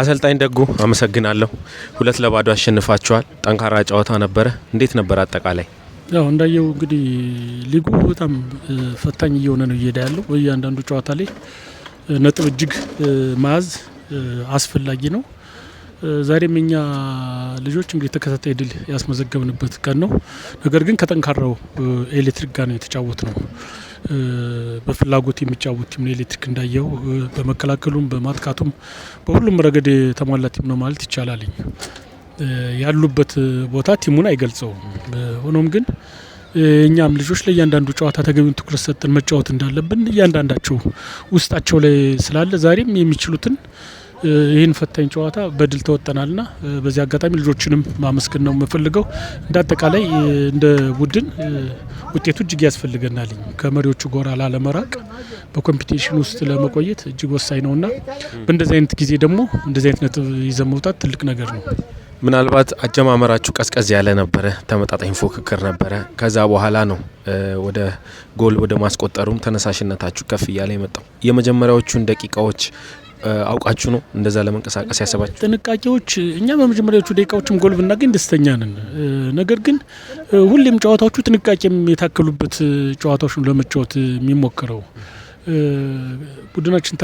አሰልጣኝ ደጉ አመሰግናለሁ። ሁለት ለባዶ አሸንፋችኋል። ጠንካራ ጨዋታ ነበረ። እንዴት ነበር አጠቃላይ? ያው እንዳየው እንግዲህ ሊጉ በጣም ፈታኝ እየሆነ ነው እየሄደ ያለው። እያንዳንዱ ጨዋታ ላይ ነጥብ እጅግ መያዝ አስፈላጊ ነው። ዛሬም እኛ ልጆች እንግዲህ ተከታታይ ድል ያስመዘገብንበት ቀን ነው። ነገር ግን ከጠንካራው ኤሌክትሪክ ጋር ነው የተጫወት ነው በፍላጎት የሚጫወት ቲም ነው ኤሌክትሪክ እንዳየው በመከላከሉም በማጥቃቱም በሁሉም ረገድ የተሟላ ቲም ነው ማለት ይቻላልኝ። ያሉበት ቦታ ቲሙን አይገልጸውም። ሆኖም ግን እኛም ልጆች ለእያንዳንዱ ጨዋታ ተገቢውን ትኩረት ሰጥን መጫወት እንዳለብን እያንዳንዳቸው ውስጣቸው ላይ ስላለ ዛሬም የሚችሉትን ይህን ፈታኝ ጨዋታ በድል ና በዚህ አጋጣሚ ልጆችንም ማመስገን ነው የምፈልገው። እንደ አጠቃላይ እንደ ቡድን ውጤቱ እጅግ ያስፈልገናል። ከመሪዎቹ ጎራ ላለመራቅ በኮምፒቲሽን ውስጥ ለመቆየት እጅግ ወሳኝ ነውና በእንደዚህ አይነት ጊዜ ደግሞ እንደዚህ አይነት ነጥብ ይዘ መውጣት ትልቅ ነገር ነው። ምናልባት አጀማመራችሁ ቀዝቀዝ ያለ ነበረ፣ ተመጣጣኝ ፉክክር ነበረ። ከዛ በኋላ ነው ወደ ጎል ወደ ማስቆጠሩም ተነሳሽነታችሁ ከፍ እያለ የመጣው። የመጀመሪያዎቹን ደቂቃዎች አውቃችሁ ነው እንደዛ ለመንቀሳቀስ ያሰባችሁ? ጥንቃቄዎች እኛ በመጀመሪያዎቹ ደቂቃዎችም ጎል ብናገኝ ደስተኛ ነን። ነገር ግን ሁሌም ጨዋታዎቹ ጥንቃቄም የታከሉበት ጨዋታዎች ለመጫወት የሚሞክረው ቡድናችን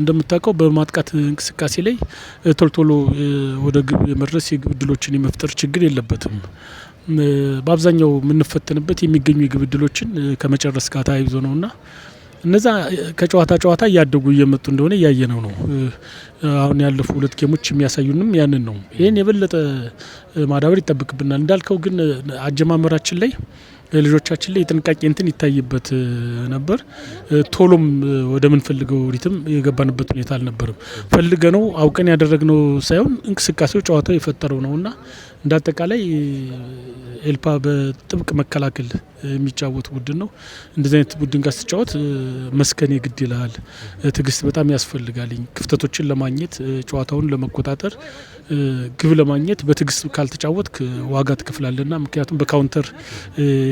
እንደምታውቀው በማጥቃት እንቅስቃሴ ላይ ቶልቶሎ ወደ ግብ የመድረስ የግብ እድሎችን የመፍጠር ችግር የለበትም። በአብዛኛው የምንፈተንበት የሚገኙ የግብ እድሎችን ከመጨረስ ጋር ተያይዞ ነውና እነዛ ከጨዋታ ጨዋታ እያደጉ እየመጡ እንደሆነ እያየነው ነው። አሁን ያለፉ ሁለት ጌሞች የሚያሳዩንም ያንን ነው። ይህን የበለጠ ማዳበር ይጠብቅብናል። እንዳልከው ግን አጀማመራችን ላይ ልጆቻችን ላይ የጥንቃቄ እንትን ይታይበት ነበር። ቶሎም ወደምንፈልገው ሪትም የገባንበት ሁኔታ አልነበርም። ፈልገ ነው አውቀን ያደረግነው ሳይሆን እንቅስቃሴው ጨዋታው የፈጠረው ነው እና እንደ አጠቃላይ ኤልፓ በጥብቅ መከላከል የሚጫወት ቡድን ነው። እንደዚህ አይነት ቡድን ጋር ስጫወት መስከን የግድ ይልሃል። ትዕግስት በጣም ያስፈልጋልኝ ክፍተቶችን ለማግኘት ጨዋታውን ለመቆጣጠር ግብ ለማግኘት በትዕግስት ካልተጫወትክ ዋጋ ትከፍላለና ምክንያቱም በካውንተር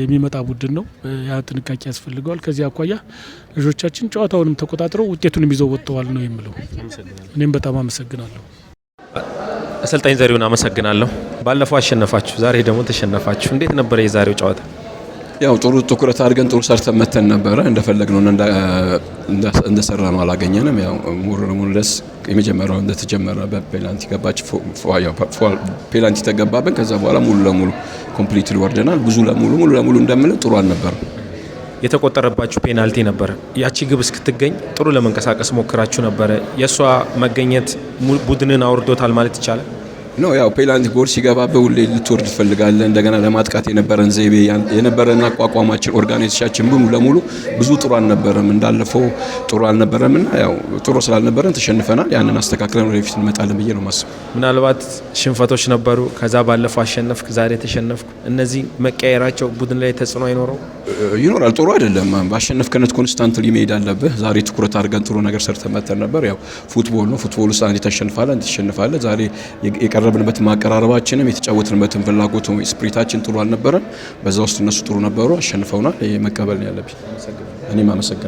የሚመጣ ቡድን ነው። ያ ጥንቃቄ ያስፈልገዋል። ከዚህ አኳያ ልጆቻችን ጨዋታውንም ተቆጣጥረው ውጤቱንም ይዘው ወጥተዋል ነው የምለው። እኔም በጣም አመሰግናለሁ። አሰልጣኝ ዘሪሁን አመሰግናለሁ። ባለፈው አሸነፋችሁ፣ ዛሬ ደግሞ ተሸነፋችሁ። እንዴት ነበረ የዛሬው ጨዋታ? ያው ጥሩ ትኩረት አድርገን ጥሩ ሰርተን መተን ነበረ። እንደፈለግነው እንደሰራ ነው አላገኘንም። ያው ሙሉ ለሙሉ ደስ የመጀመሪያው እንደተጀመረ በፔናልቲ ገባች፣ ፔናልቲ ተገባብን። ከዛ በኋላ ሙሉ ለሙሉ ኮምፕሊት ወርደናል። ብዙ ለሙሉ ሙሉ ለሙሉ እንደምለ ጥሩ አልነበረ። የተቆጠረባችሁ ፔናልቲ ነበር ያቺ ግብ እስክትገኝ ጥሩ ለመንቀሳቀስ ሞክራችሁ ነበረ። የእሷ መገኘት ቡድንን አውርዶታል ማለት ይቻላል። ነው ያው ፔላንድ ጎል ሲገባ ሁሌ ልትወርድ ትፈልጋለህ። እንደገና ለማጥቃት የነበረን ዘይቤ የነበረን አቋቋማችን ኦርጋናይዜሽናችን ሙሉ ለሙሉ ብዙ ጥሩ አልነበረም፣ እንዳለፈው ጥሩ አልነበረም እና ያው ጥሩ ስላልነበረን ተሸንፈናል። ያንን አስተካክለን ወደፊት እንመጣለን ብዬ ነው ማስበው። ምናልባት ሽንፈቶች ነበሩ፣ ከዛ ባለፈው አሸነፍክ፣ ዛሬ ተሸነፍኩ። እነዚህ መቀየራቸው ቡድን ላይ ተጽዕኖ አይኖረው ይኖራል። ጥሩ አይደለም። ባሸነፍከነት ኮንስታንትሊ መሄድ አለብህ። ዛሬ ትኩረት አድርገን ጥሩ ነገር ሰርተን መተን ነበር። ያው ፉትቦል ነው። ፉትቦል ውስጥ አንዴ ተሸንፋለህ፣ አንዴ ተሸንፋለህ። ዛሬ የቀረ ያቀረብንበት ማቀራረባችንም የተጫወትንበትን ፍላጎት ስፕሪታችን ጥሩ አልነበረም። በዛ ውስጥ እነሱ ጥሩ ነበሩ፣ አሸንፈውናል። መቀበል ያለብኝ እኔም አመሰግናል።